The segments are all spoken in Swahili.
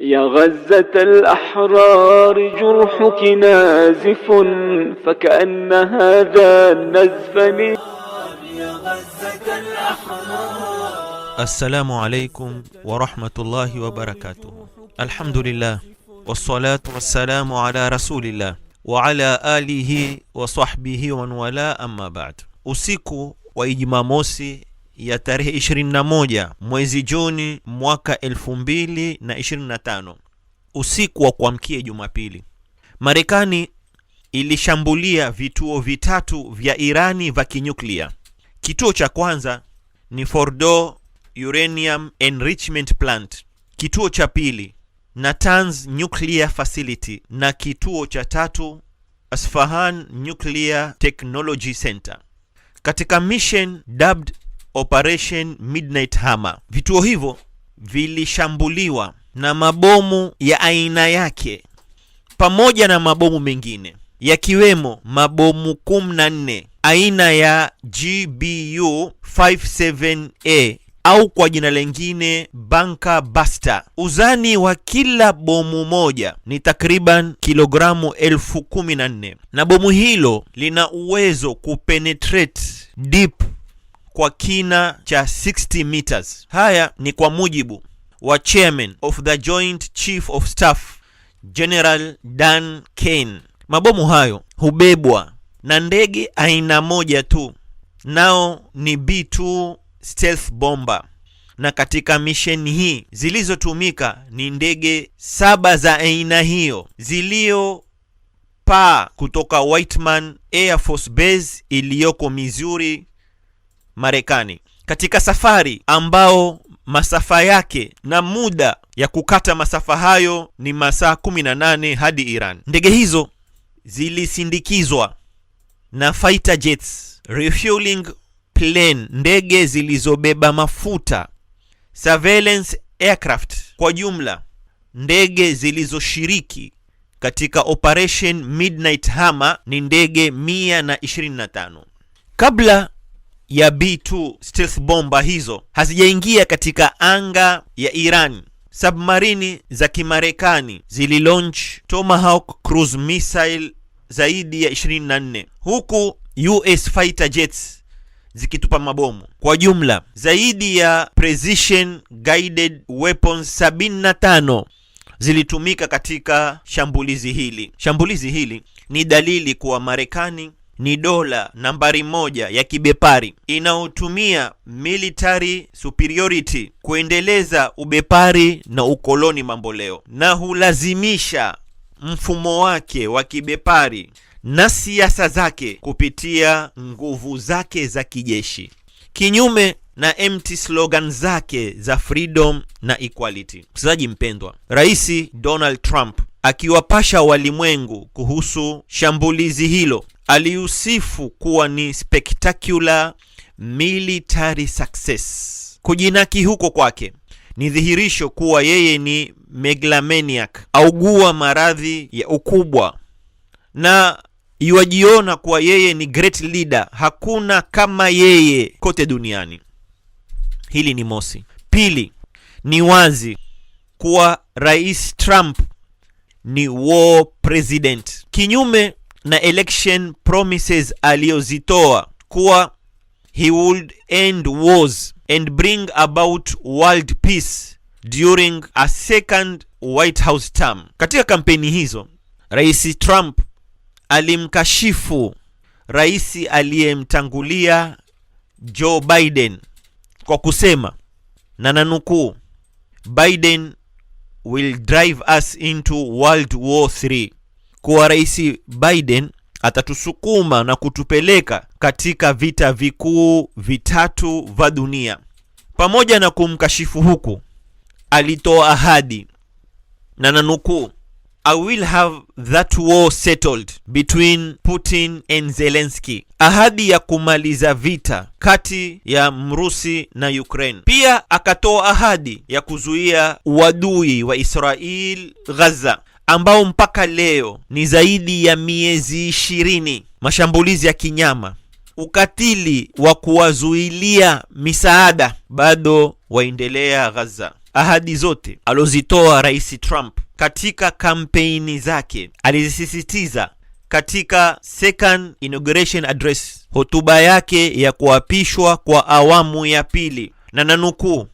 يا غزة الأحرار جرحك نازف فكأن هذا النزف لي يا غزة الأحرار السلام عليكم ورحمة الله وبركاته الحمد لله والصلاة والسلام على رسول الله وعلى آله وصحبه ومن والاه أما بعد أسيكو وإجماموسي ya tarehe 21 mwezi Juni mwaka 2025 usiku wa kuamkia Jumapili, Marekani ilishambulia vituo vitatu vya Irani vya kinyuklia. Kituo cha kwanza ni Fordo Uranium Enrichment Plant, kituo cha pili Natanz Nuclear Facility na kituo cha tatu Asfahan Nuclear Technology Center. Katika mission dubbed Operation Midnight Hammer. Vituo hivyo vilishambuliwa na mabomu ya aina yake pamoja na mabomu mengine yakiwemo mabomu 14 aina ya GBU 57A au kwa jina lengine Bunker Buster. Uzani wa kila bomu moja ni takriban kilogramu elfu kumi na nne na bomu hilo lina uwezo kupenetrate deep kwa kina cha 60 meters. Haya ni kwa mujibu wa chairman of the Joint Chief of Staff General Dan Kane. Mabomu hayo hubebwa na ndege aina moja tu, nao ni B2 stealth bomber, na katika misheni hii zilizotumika ni ndege saba za aina hiyo zilio paa kutoka Whiteman Air Force Base iliyoko Missouri Marekani katika safari ambao masafa yake na muda ya kukata masafa hayo ni masaa 18 hadi Iran. Ndege hizo zilisindikizwa na fighter jets, refueling plane, ndege zilizobeba mafuta, surveillance aircraft, kwa jumla ndege zilizoshiriki katika operation Midnight Hammer ni ndege 125 kabla ya B2 stealth bomba hizo hazijaingia katika anga ya Iran. Submarini za Kimarekani zililaunch Tomahawk cruise missile zaidi ya 24 huku US fighter jets zikitupa mabomu. Kwa jumla zaidi ya precision guided weapons 75 zilitumika katika shambulizi hili. Shambulizi hili ni dalili kuwa Marekani ni dola nambari moja ya kibepari inayotumia military superiority kuendeleza ubepari na ukoloni mamboleo, na hulazimisha mfumo wake wa kibepari na siasa zake kupitia nguvu zake za kijeshi, kinyume na empty slogan zake za freedom na equality. Msikilizaji mpendwa, Rais Donald Trump akiwapasha walimwengu kuhusu shambulizi hilo aliusifu kuwa ni spectacular military success. Kujinaki huko kwake ni dhihirisho kuwa yeye ni megalomaniac, augua maradhi ya ukubwa na iwajiona kuwa yeye ni great leader, hakuna kama yeye kote duniani. Hili ni mosi. Pili, ni wazi kuwa Rais Trump ni war president, kinyume na election promises aliyozitoa kuwa he would end wars and bring about world peace during a second White House term. Katika kampeni hizo, Rais Trump alimkashifu rais aliyemtangulia Joe Biden kwa kusema na nanukuu, Biden will drive us into World War 3 kuwa Rais Biden atatusukuma na kutupeleka katika vita vikuu vitatu vya dunia. Pamoja na kumkashifu huku, alitoa ahadi na nanukuu, I will have that war settled between Putin and Zelensky, ahadi ya kumaliza vita kati ya Mrusi na Ukraine. Pia akatoa ahadi ya kuzuia uadui wa Israel Gaza ambao mpaka leo ni zaidi ya miezi ishirini, mashambulizi ya kinyama, ukatili wa kuwazuilia misaada bado waendelea ghaza Ahadi zote alozitoa Rais Trump katika kampeni zake alizisisitiza katika second inauguration address, hotuba yake ya kuapishwa kwa awamu ya pili, na nanukuu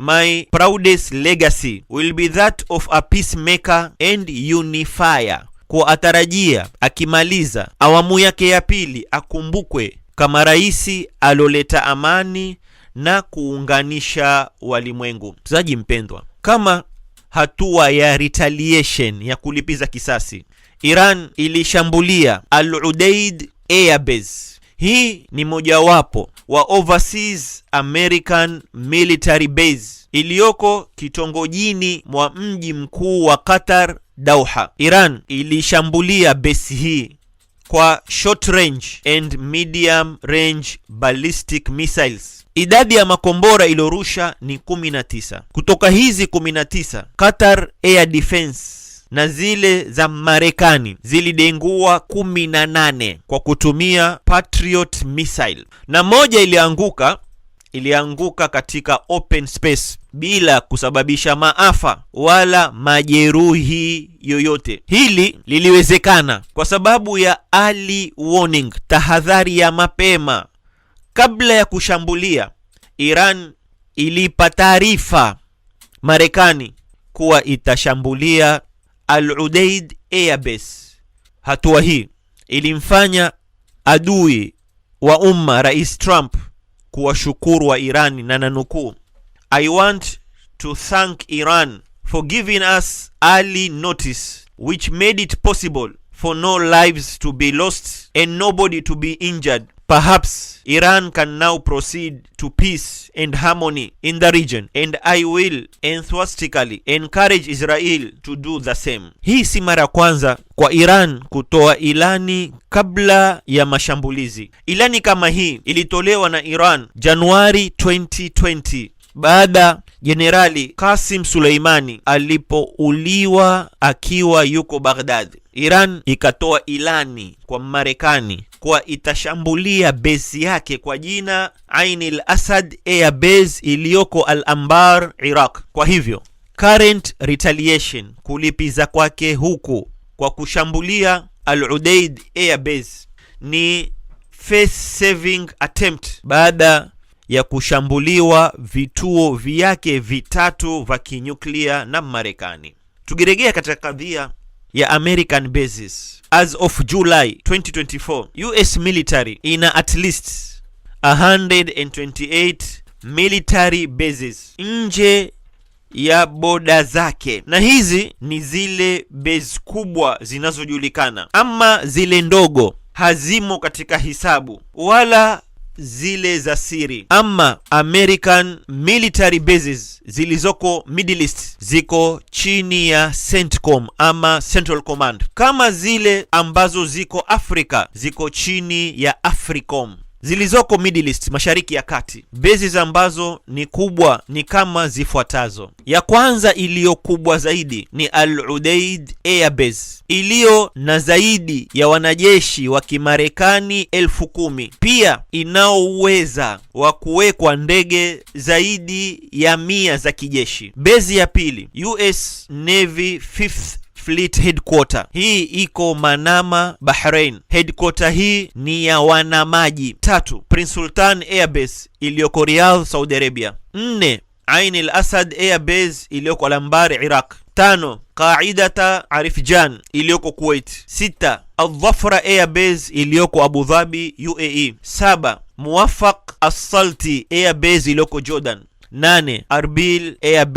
My proudest legacy will be that of a peacemaker and unifier. Kwa atarajia akimaliza awamu yake ya pili akumbukwe kama rais aloleta amani na kuunganisha walimwengu. Mzaji mpendwa, kama hatua ya retaliation ya kulipiza kisasi, Iran ilishambulia Al Udeid Airbase. Hii ni mojawapo wa Overseas American Military Base iliyoko kitongojini mwa mji mkuu wa Qatar Doha. Iran ilishambulia besi hii kwa short range and medium range ballistic missiles. Idadi ya makombora iliyorusha ni 19. Kutoka hizi 19, Qatar Air Defense na zile za Marekani zilidengua kumi na nane kwa kutumia Patriot missile, na moja ilianguka ilianguka katika open space bila kusababisha maafa wala majeruhi yoyote. Hili liliwezekana kwa sababu ya early warning, tahadhari ya mapema. Kabla ya kushambulia, Iran ilipa taarifa Marekani kuwa itashambulia Al-Udeid Eabes. Hatua hii ilimfanya adui wa umma Rais Trump kuwashukuru wa Irani na nanukuu, I want to thank Iran for giving us early notice which made it possible for no lives to be lost and nobody to be injured Perhaps Iran can now proceed to peace and harmony in the region and I will enthusiastically encourage Israel to do the same. Hii si mara kwanza kwa Iran kutoa ilani kabla ya mashambulizi. Ilani kama hii ilitolewa na Iran Januari 2020 baada Jenerali kasim Suleimani alipouliwa akiwa yuko Baghdad, Iran ikatoa ilani kwa Marekani kuwa itashambulia besi yake kwa jina Ain al-Asad Air Base iliyoko al ambar Iraq. Kwa hivyo current retaliation, kulipiza kwake huku kwa kushambulia Al-Udeid Air Base ni face saving attempt baada ya kushambuliwa vituo vyake vitatu vya kinyuklia na Marekani. tugeregea katika kadhia ya American bases, as of July 2024 US military ina at least 128 military bases nje ya boda zake, na hizi ni zile base kubwa zinazojulikana, ama zile ndogo hazimo katika hisabu wala zile za siri ama American military bases zilizoko Middle East ziko chini ya CENTCOM ama Central Command, kama zile ambazo ziko Afrika ziko chini ya AFRICOM zilizoko Middle East, mashariki ya kati. Bases ambazo ni kubwa ni kama zifuatazo. Ya kwanza iliyo kubwa zaidi ni Al Udeid Air Base iliyo na zaidi ya wanajeshi wa Kimarekani elfu kumi pia inao uweza wa kuwekwa ndege zaidi ya mia za kijeshi. Besi ya pili US Navy Fifth Fleet headquarter. Hii iko Manama, Bahrain. Headquarter hii ni ya wanamaji. Tatu, Prince Sultan Airbase iliyoko Riyadh, Saudi Arabia. Nne, Ain al Asad Airbase iliyoko Alambari, Iraq. Tano, Qaidata Arifjan iliyoko Kuwait. Sita, Aldhafra Airbase iliyoko Abu Dhabi, UAE. Saba, Muwafaq Assalti Airbase iliyoko Jordan nane Arbil Air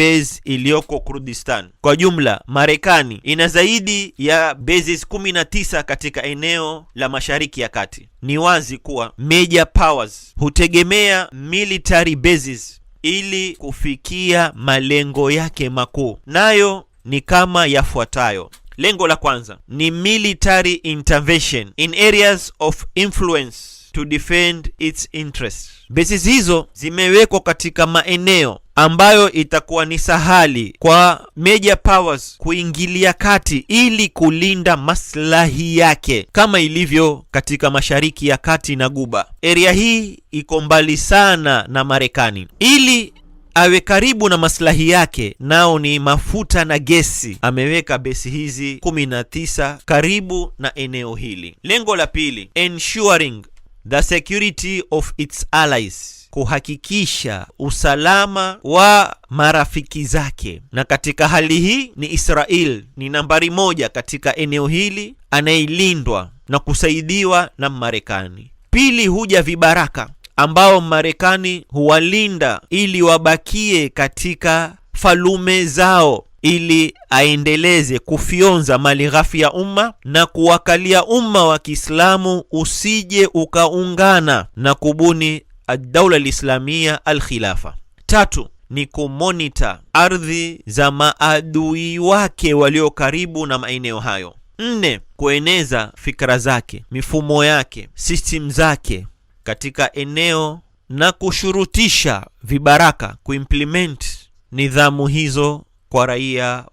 iliyoko Kurdistan. Kwa jumla, Marekani ina zaidi ya bases 19 katika eneo la Mashariki ya Kati. Ni wazi kuwa major powers hutegemea military bases ili kufikia malengo yake makuu, nayo ni kama yafuatayo. Lengo la kwanza ni military intervention in areas of influence to defend its interest. besi hizo zimewekwa katika maeneo ambayo itakuwa ni sahali kwa major powers kuingilia kati ili kulinda maslahi yake, kama ilivyo katika Mashariki ya Kati na Guba. Area hii iko mbali sana na Marekani ili awe karibu na maslahi yake, nao ni mafuta na gesi. Ameweka besi hizi 19 karibu na eneo hili. Lengo la pili, ensuring the security of its allies, kuhakikisha usalama wa marafiki zake. Na katika hali hii ni Israel ni nambari moja katika eneo hili anayelindwa na kusaidiwa na Marekani. Pili huja vibaraka ambao Marekani huwalinda ili wabakie katika falume zao ili aendeleze kufyonza mali ghafi ya umma na kuwakalia umma wa Kiislamu usije ukaungana na kubuni ad-daula al-islamia al-khilafa. Tatu ni kumonita ardhi za maadui wake walio karibu na maeneo hayo. Nne, kueneza fikra zake, mifumo yake, system zake katika eneo na kushurutisha vibaraka kuimplement nidhamu hizo kwa raia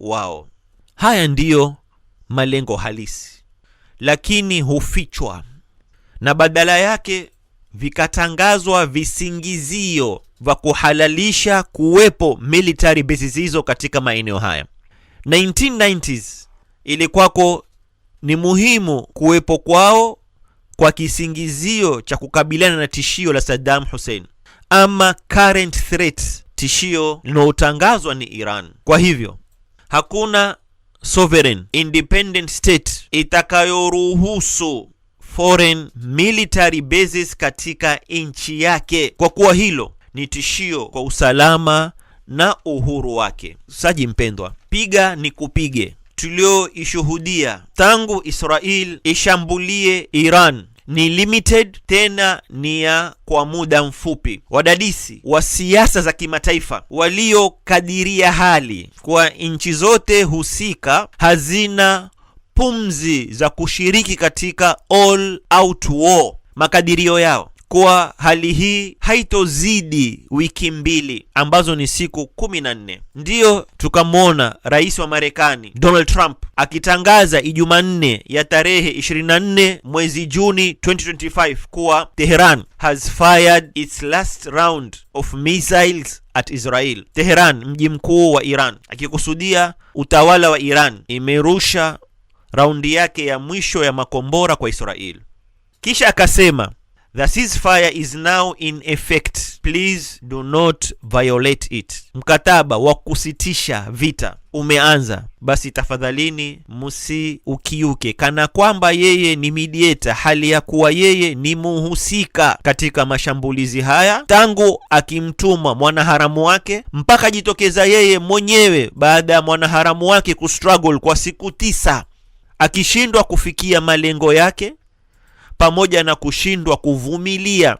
wao. Haya ndiyo malengo halisi, lakini hufichwa na badala yake vikatangazwa visingizio vya kuhalalisha kuwepo military bases hizo katika maeneo haya. 1990s ilikuwako ni muhimu kuwepo kwao kwa kisingizio cha kukabiliana na tishio la Saddam Hussein ama current threat tishio linaotangazwa ni Iran. Kwa hivyo hakuna sovereign independent state itakayoruhusu foreign military bases katika nchi yake, kwa kuwa hilo ni tishio kwa usalama na uhuru wake. Saji mpendwa, piga ni kupige tulioishuhudia tangu Israel ishambulie Iran ni limited, tena ni ya kwa muda mfupi. Wadadisi wa siasa za kimataifa waliokadiria hali kwa nchi zote husika hazina pumzi za kushiriki katika all out war, makadirio yao kuwa hali hii haitozidi wiki mbili ambazo ni siku kumi na nne. Ndiyo tukamwona rais wa Marekani Donald Trump akitangaza Ijumanne ya tarehe 24 mwezi Juni 2025 kuwa Tehran has fired its last round of missiles at Israel. Tehran, mji mkuu wa Iran, akikusudia utawala wa Iran, imerusha raundi yake ya mwisho ya makombora kwa Israel. Kisha akasema The ceasefire is now in effect. Please do not violate it. Mkataba wa kusitisha vita umeanza, basi tafadhalini msiukiuke, kana kwamba yeye ni midieta hali ya kuwa yeye ni muhusika katika mashambulizi haya, tangu akimtuma mwanaharamu wake mpaka ajitokeza yeye mwenyewe baada ya mwanaharamu wake kustruggle kwa siku tisa akishindwa kufikia malengo yake pamoja na kushindwa kuvumilia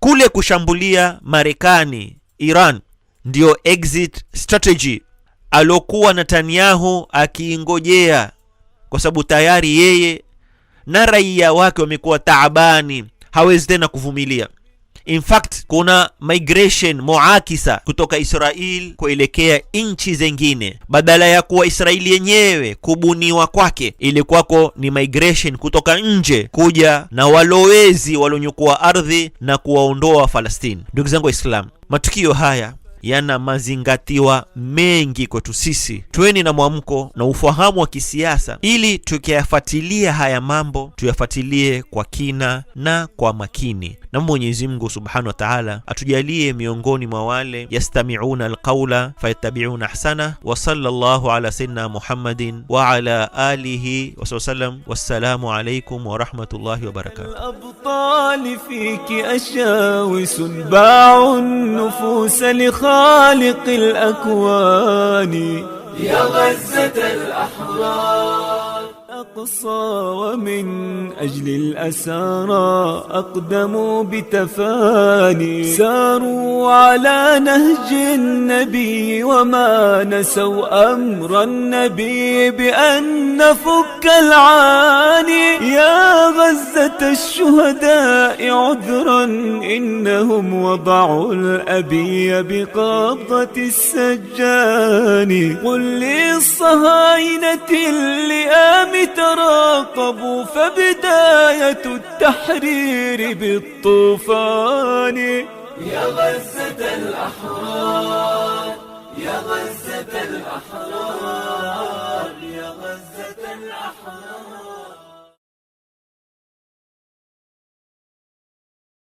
kule kushambulia Marekani Iran, ndio exit strategy aliokuwa Netanyahu akiingojea, kwa sababu tayari yeye na raia wake wamekuwa taabani, hawezi tena kuvumilia. In fact kuna migration muakisa kutoka Israel kuelekea nchi zengine Badala ya kuwa Israeli yenyewe kubuniwa kwake, ilikuwako ni migration kutoka nje kuja na walowezi walionyukua ardhi na kuwaondoa Falastini. Ndugu zangu Waislamu, matukio haya yana mazingatiwa mengi kwetu sisi. Tuweni na mwamko na ufahamu wa kisiasa, ili tukiyafuatilia haya mambo tuyafuatilie kwa kina na kwa makini. Na Mwenyezi Mungu subhanahu wa taala atujalie miongoni mwa wale yastamiuna alqaula fayattabiuna ahsana. Wa sallallahu ala Muhammadin wa ala alihi wasallam. Wassalamu alaykum wa خالق الأكوان يا غزة الأحرار الأقصى ومن أجل الأسارى أقدموا بتفاني ساروا على نهج النبي وما نسوا أمر النبي بأن نفك العاني يا غزة الشهداء عذرا إنهم وضعوا الأبي بقبضة السجان قل للصهاينة اللئام تراقبوا فبداية التحرير بالطوفان يا غزة الأحرار يا غزة الأحرار